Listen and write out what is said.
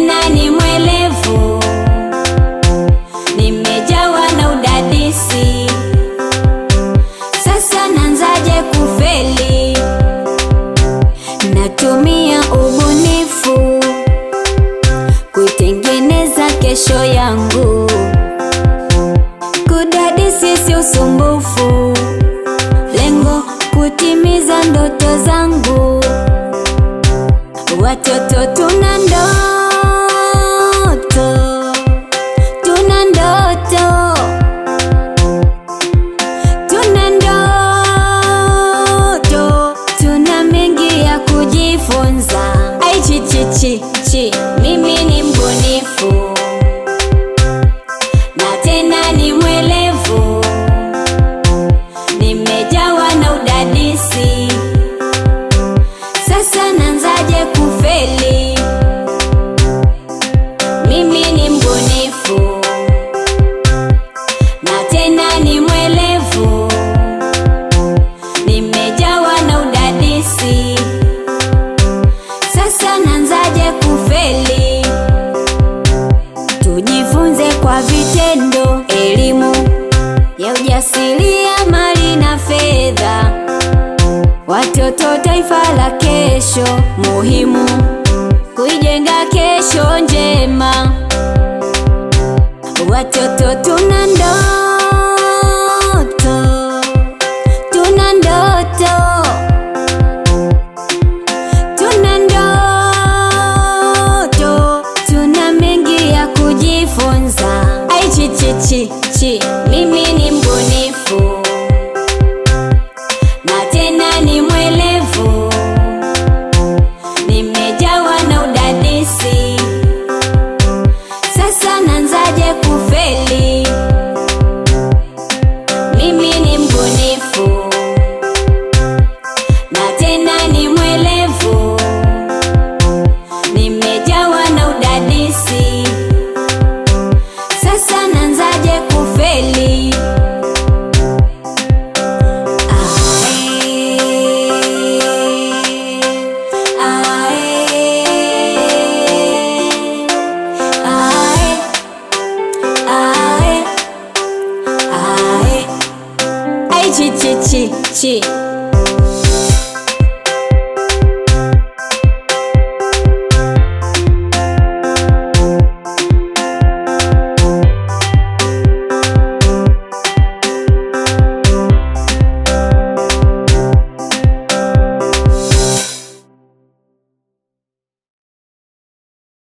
mzuri ni mwelevu, nimejawa na udadisi. Sasa nanzaje kufeli? Natumia ubunifu kutengeneza kesho yangu. Kudadisi si usumbufu, lengo kutimiza ndoto zangu. Mienendo, elimu ya ujasiriamali na fedha, watoto taifa la kesho, muhimu kuijenga kesho njema. 七七七七。